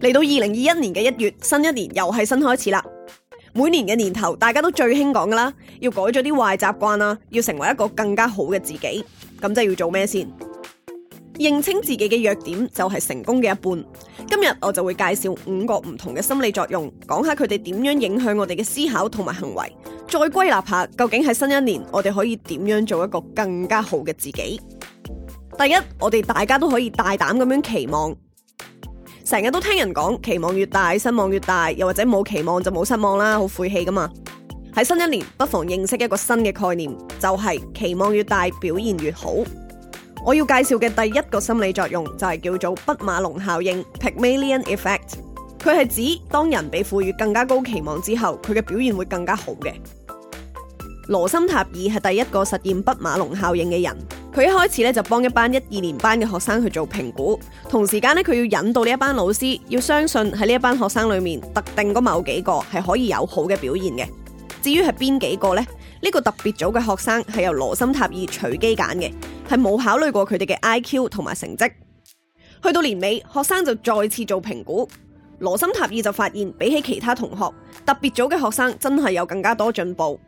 嚟到二零二一年嘅一月，新一年又係新開始啦。每年嘅年頭，大家都最興講噶啦，要改咗啲壞習慣啦，要成為一個更加好嘅自己。咁即係要做咩先？認清自己嘅弱點就係成功嘅一半。今日我就會介紹五個唔同嘅心理作用，講下佢哋點樣影響我哋嘅思考同埋行為，再歸納下究竟喺新一年我哋可以點樣做一個更加好嘅自己。第一，我哋大家都可以大膽咁樣期望。成日都聽人講，期望越大，失望越大，又或者冇期望就冇失望啦，好晦氣噶嘛。喺新一年，不妨認識一個新嘅概念，就係期望越大，表現越好。我要介紹嘅第一個心理作用就係叫做畢馬龍效應 （Pygmalion Effect）。佢係指當人被賦予更加高期望之後，佢嘅表現會更加好嘅。羅森塔爾係第一個實驗畢馬龍效應嘅人。佢一開始咧，就幫一班一二年班嘅學生去做評估，同時間咧，佢要引導呢一班老師要相信喺呢一班學生裏面特定嗰某幾個係可以有好嘅表現嘅。至於係邊幾個呢？呢個特別組嘅學生係由羅森塔爾隨機揀嘅，係冇考慮過佢哋嘅 IQ 同埋成績。去到年尾，學生就再次做評估，羅森塔爾就發現比起其他同學，特別組嘅學生真係有更加多進步。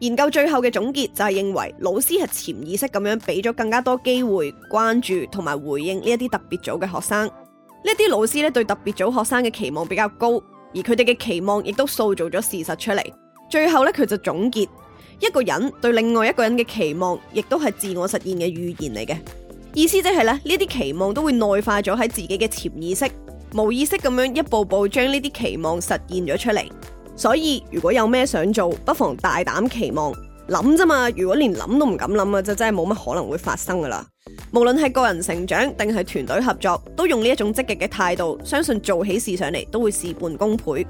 研究最後嘅總結就係認為，老師係潛意識咁樣俾咗更加多機會關注同埋回應呢一啲特別組嘅學生，呢啲老師咧對特別組學生嘅期望比較高，而佢哋嘅期望亦都塑造咗事實出嚟。最後咧佢就總結，一個人對另外一個人嘅期望，亦都係自我實現嘅預言嚟嘅，意思即係咧呢啲期望都會內化咗喺自己嘅潛意識，無意識咁樣一步步將呢啲期望實現咗出嚟。所以如果有咩想做，不妨大膽期望諗咋嘛。如果連諗都唔敢諗啊，就真係冇乜可能會發生噶啦。無論係個人成長定係團隊合作，都用呢一種積極嘅態度，相信做起事上嚟都會事半功倍。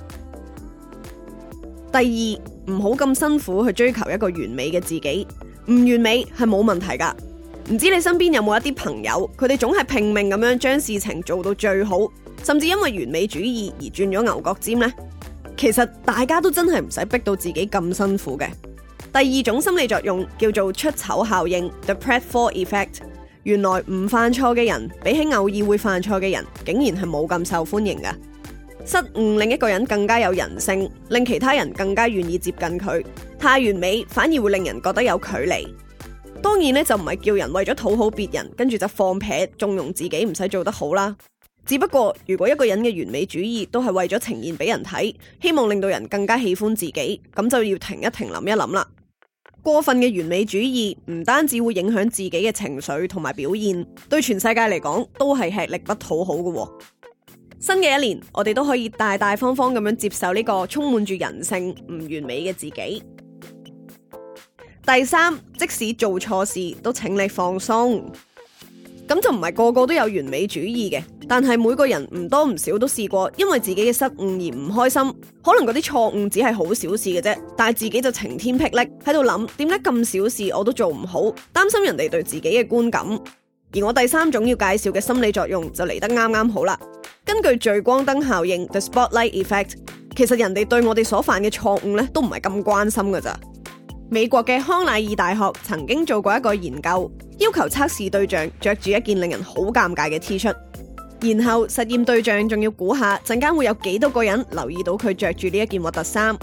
第二，唔好咁辛苦去追求一個完美嘅自己，唔完美係冇問題噶。唔知你身邊有冇一啲朋友，佢哋總係拼命咁樣將事情做到最好，甚至因為完美主義而轉咗牛角尖呢？其實大家都真係唔使逼到自己咁辛苦嘅。第二種心理作用叫做出醜效應 （the pratfall effect）。原來唔犯錯嘅人，比起偶爾會犯錯嘅人，竟然係冇咁受歡迎㗎。失誤令一個人更加有人性，令其他人更加願意接近佢。太完美反而會令人覺得有距離。當然咧，就唔係叫人為咗討好別人，跟住就放屁縱容自己，唔使做得好啦。只不過，如果一個人嘅完美主義都係為咗呈現俾人睇，希望令到人更加喜歡自己，咁就要停一停、諗一諗啦。過分嘅完美主義唔單止會影響自己嘅情緒同埋表現，對全世界嚟講都係吃力不討好嘅。新嘅一年，我哋都可以大大方方咁樣接受呢個充滿住人性唔完美嘅自己。第三，即使做錯事，都請你放鬆。咁就唔係個個都有完美主義嘅。但係每個人唔多唔少都試過，因為自己嘅失誤而唔開心。可能嗰啲錯誤只係好小事嘅啫，但係自己就晴天霹靂喺度諗，點解咁小事我都做唔好？擔心人哋對自己嘅觀感。而我第三種要介紹嘅心理作用就嚟得啱啱好啦。根據聚光燈效應 （The Spotlight Effect），其實人哋對我哋所犯嘅錯誤咧都唔係咁關心噶。咋？美國嘅康乃爾大學曾經做過一個研究，要求測試對象着住一件令人好尷尬嘅 T 恤。然後實驗對象仲要估下陣間會有幾多個人留意到佢着住呢一件獨特衫，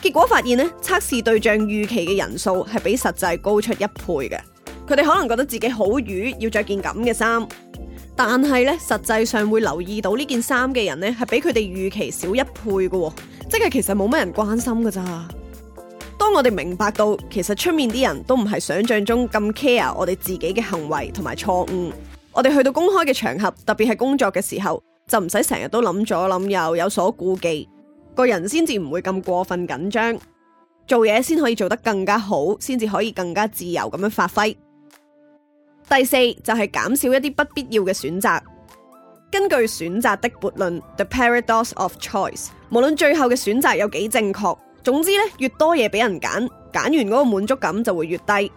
結果發現呢，測試對象預期嘅人數係比實際高出一倍嘅。佢哋可能覺得自己好瘀要着件咁嘅衫，但係呢，實際上會留意到呢件衫嘅人呢，係比佢哋預期少一倍嘅，即係其實冇乜人關心㗎咋。當我哋明白到其實出面啲人都唔係想象中咁 care 我哋自己嘅行為同埋錯誤。我哋去到公開嘅場合，特別係工作嘅時候，就唔使成日都諗左諗右，有所顧忌，個人先至唔會咁過分緊張，做嘢先可以做得更加好，先至可以更加自由咁樣發揮。第四就係減少一啲不必要嘅選擇。根據選擇的悖論 （The Paradox of Choice），無論最後嘅選擇有幾正確，總之咧，越多嘢俾人揀，揀完嗰個滿足感就會越低。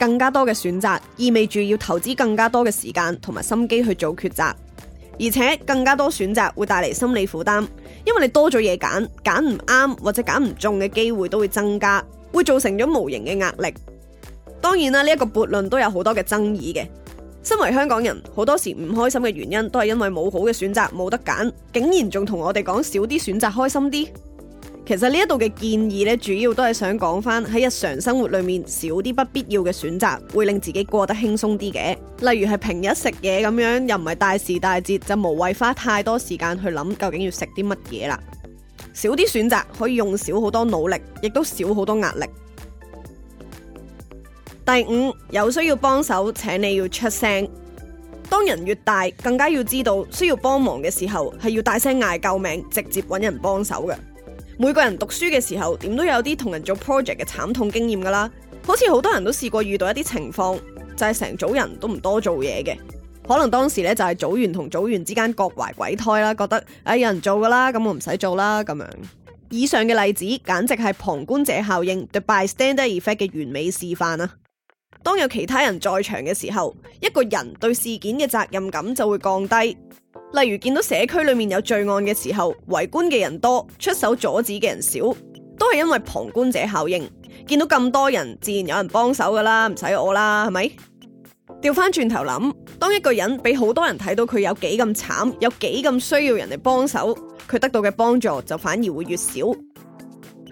更加多嘅選擇，意味住要投資更加多嘅時間同埋心機去做抉擇，而且更加多選擇會帶嚟心理負擔，因為你多咗嘢揀，揀唔啱或者揀唔中嘅機會都會增加，會造成咗無形嘅壓力。當然啦，呢一個悖論都有好多嘅爭議嘅。身為香港人，好多時唔開心嘅原因都係因為冇好嘅選擇，冇得揀，竟然仲同我哋講少啲選擇開心啲。其實呢一度嘅建議咧，主要都係想講翻喺日常生活裏面少啲不必要嘅選擇，會令自己過得輕鬆啲嘅。例如係平日食嘢咁樣，又唔係大時大節，就無謂花太多時間去諗究竟要食啲乜嘢啦。少啲選擇可以用少好多努力，亦都少好多壓力。第五，有需要幫手，請你要出聲。當人越大，更加要知道需要幫忙嘅時候，係要大聲嗌救命，直接揾人幫手嘅。每個人讀書嘅時候，點都有啲同人做 project 嘅慘痛經驗噶啦。好似好多人都試過遇到一啲情況，就係、是、成組人都唔多做嘢嘅。可能當時咧就係組員同組員之間各懷鬼胎啦，覺得誒有人做噶啦，咁我唔使做啦咁樣。以上嘅例子，簡直係旁觀者效應 t bystander effect） 嘅完美示範啊！當有其他人在場嘅時候，一個人對事件嘅責任感就會降低。例如見到社區裏面有罪案嘅時候，圍觀嘅人多，出手阻止嘅人少，都係因為旁觀者效應。見到咁多人，自然有人幫手噶啦，唔使我啦，係咪？調翻轉頭諗，當一個人俾好多人睇到佢有幾咁慘，有幾咁需要人嚟幫手，佢得到嘅幫助就反而會越少。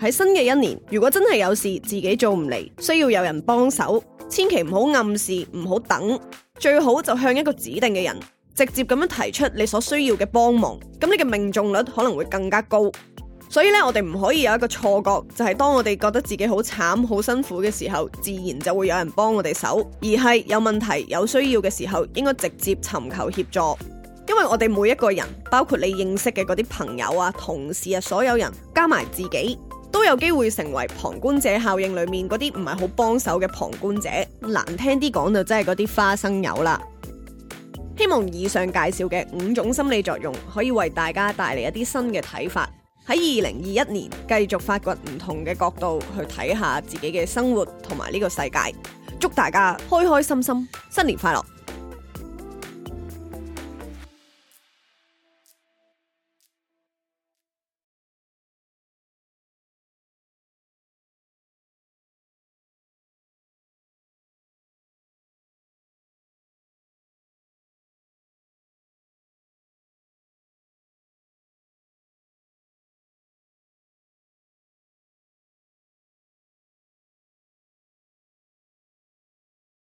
喺新嘅一年，如果真係有事，自己做唔嚟，需要有人幫手，千祈唔好暗示，唔好等，最好就向一個指定嘅人，直接咁樣提出你所需要嘅幫忙，咁你嘅命中率可能會更加高。所以咧，我哋唔可以有一個錯覺，就係當我哋覺得自己好慘、好辛苦嘅時候，自然就會有人幫我哋手。而係有問題、有需要嘅時候，應該直接尋求協助。因為我哋每一個人，包括你認識嘅嗰啲朋友啊、同事啊，所有人加埋自己，都有機會成為旁觀者效應裏面嗰啲唔係好幫手嘅旁觀者。難聽啲講就真係嗰啲花生友啦。希望以上介紹嘅五種心理作用，可以為大家帶嚟一啲新嘅睇法。喺二零二一年，繼續發掘唔同嘅角度，去睇下自己嘅生活同埋呢個世界。祝大家開開心心，新年快樂！